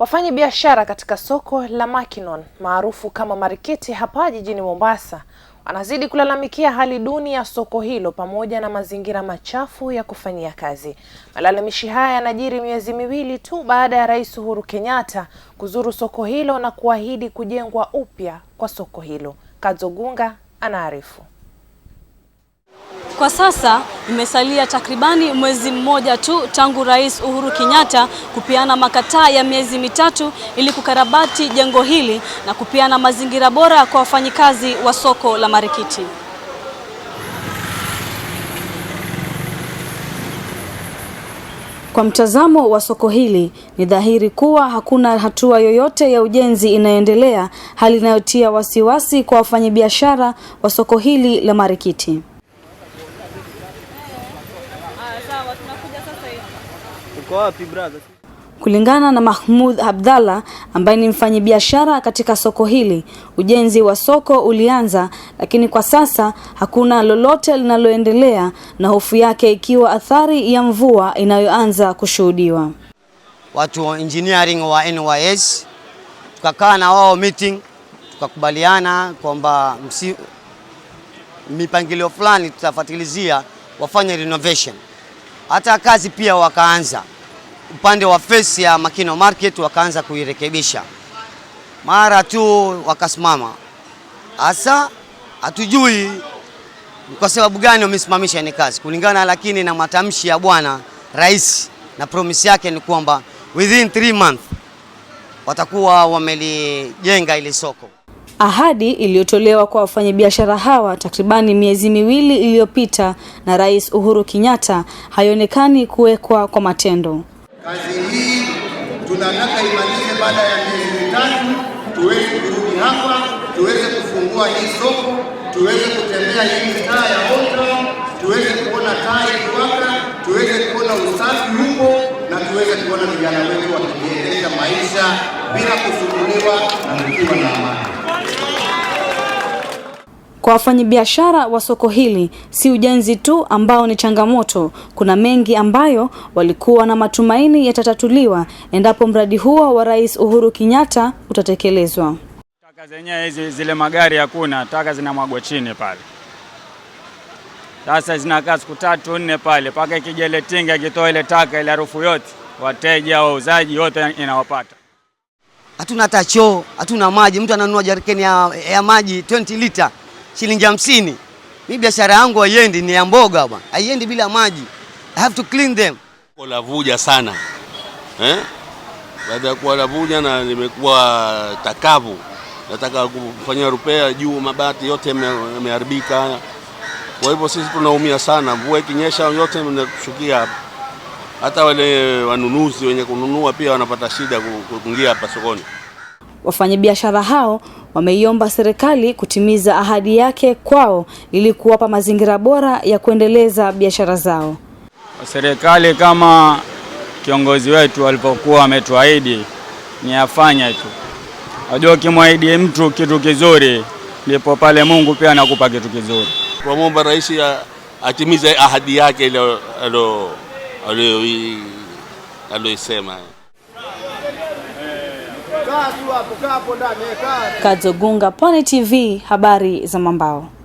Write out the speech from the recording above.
Wafanya biashara katika soko la Makinon maarufu kama Marikiti hapa jijini Mombasa wanazidi kulalamikia hali duni ya soko hilo pamoja na mazingira machafu ya kufanyia kazi. Malalamishi haya yanajiri miezi miwili tu baada ya Rais Uhuru Kenyatta kuzuru soko hilo na kuahidi kujengwa upya kwa soko hilo. Kadzo Gunga anaarifu. Kwa sasa imesalia takribani mwezi mmoja tu tangu Rais Uhuru Kenyatta kupeana makataa ya miezi mitatu ili kukarabati jengo hili na kupeana mazingira bora kwa wafanyikazi wa soko la Marikiti. Kwa mtazamo wa soko hili ni dhahiri kuwa hakuna hatua yoyote ya ujenzi inayoendelea, hali inayotia wasiwasi kwa wafanyabiashara wa soko hili la Marikiti. Uko wapi brother? Kulingana na Mahmud Abdalla ambaye ni mfanyabiashara katika soko hili, ujenzi wa soko ulianza, lakini kwa sasa hakuna lolote linaloendelea, na hofu yake ikiwa athari ya mvua inayoanza kushuhudiwa. Watu wa engineering wa NYS tukakaa na wao meeting, tukakubaliana kwamba mipangilio fulani tutafuatilizia wafanye renovation, hata kazi pia wakaanza upande wa face ya Makino Market wakaanza kuirekebisha, mara tu wakasimama. Hasa hatujui kwa sababu gani wamesimamisha ni kazi kulingana, lakini na matamshi ya bwana rais na promise yake ni kwamba within 3 months watakuwa wamelijenga ile soko. Ahadi iliyotolewa kwa wafanyabiashara hawa takribani miezi miwili iliyopita na Rais Uhuru Kenyatta haionekani kuwekwa kwa matendo. Kazi hii tunataka imalize baada ya miezi mitatu, tuweze kurudi hapa, tuweze kufungua hii soko, tuweze kutembea hii mitaa ya Old tuweze kuona taa ikiwaka, tuweze kuona usafi huko, na tuweze kuona vijana wetu wakijiendeleza maisha bila kusumbuliwa na kukiwa na kwa wafanyabiashara wa soko hili si ujenzi tu ambao ni changamoto, kuna mengi ambayo walikuwa na matumaini yatatatuliwa endapo mradi huo wa Rais Uhuru Kenyatta utatekelezwa. Taka zenyewe hizi zile magari hakuna, taka zinamwagwa chini pale. Sasa zinakaa siku tatu nne pale, mpaka ikija ile tinga ikitoa ile taka ile harufu yote, wateja wauzaji wote inawapata. Hatuna hata choo, hatuna maji. Mtu ananunua jarikeni ya, ya maji 20 lita shilingi hamsini. mi biashara yangu haiendi, ni ya mboga bwana, haiendi bila maji. I have to clean them. vuja sana eh? Baada ya kuwa lavuja na nimekuwa takavu, nataka kufanya rupea juu, mabati yote yameharibika kwa hivyo sisi tunaumia sana. Mvua ikinyesha yote mnashukia hapa, hata wale wanunuzi wenye kununua pia wanapata shida kuingia hapa sokoni. Wafanyabiashara hao wameiomba serikali kutimiza ahadi yake kwao ili kuwapa mazingira bora ya kuendeleza biashara zao. Serikali kama kiongozi wetu alipokuwa ametuahidi ni afanya tu. Unajua, ukimwahidi mtu kitu kizuri ndipo pale Mungu pia anakupa kitu kizuri. Tunamwomba rais atimize ahadi yake ile aliyoisema. Kazogunga, Pwani TV, habari za Mambao.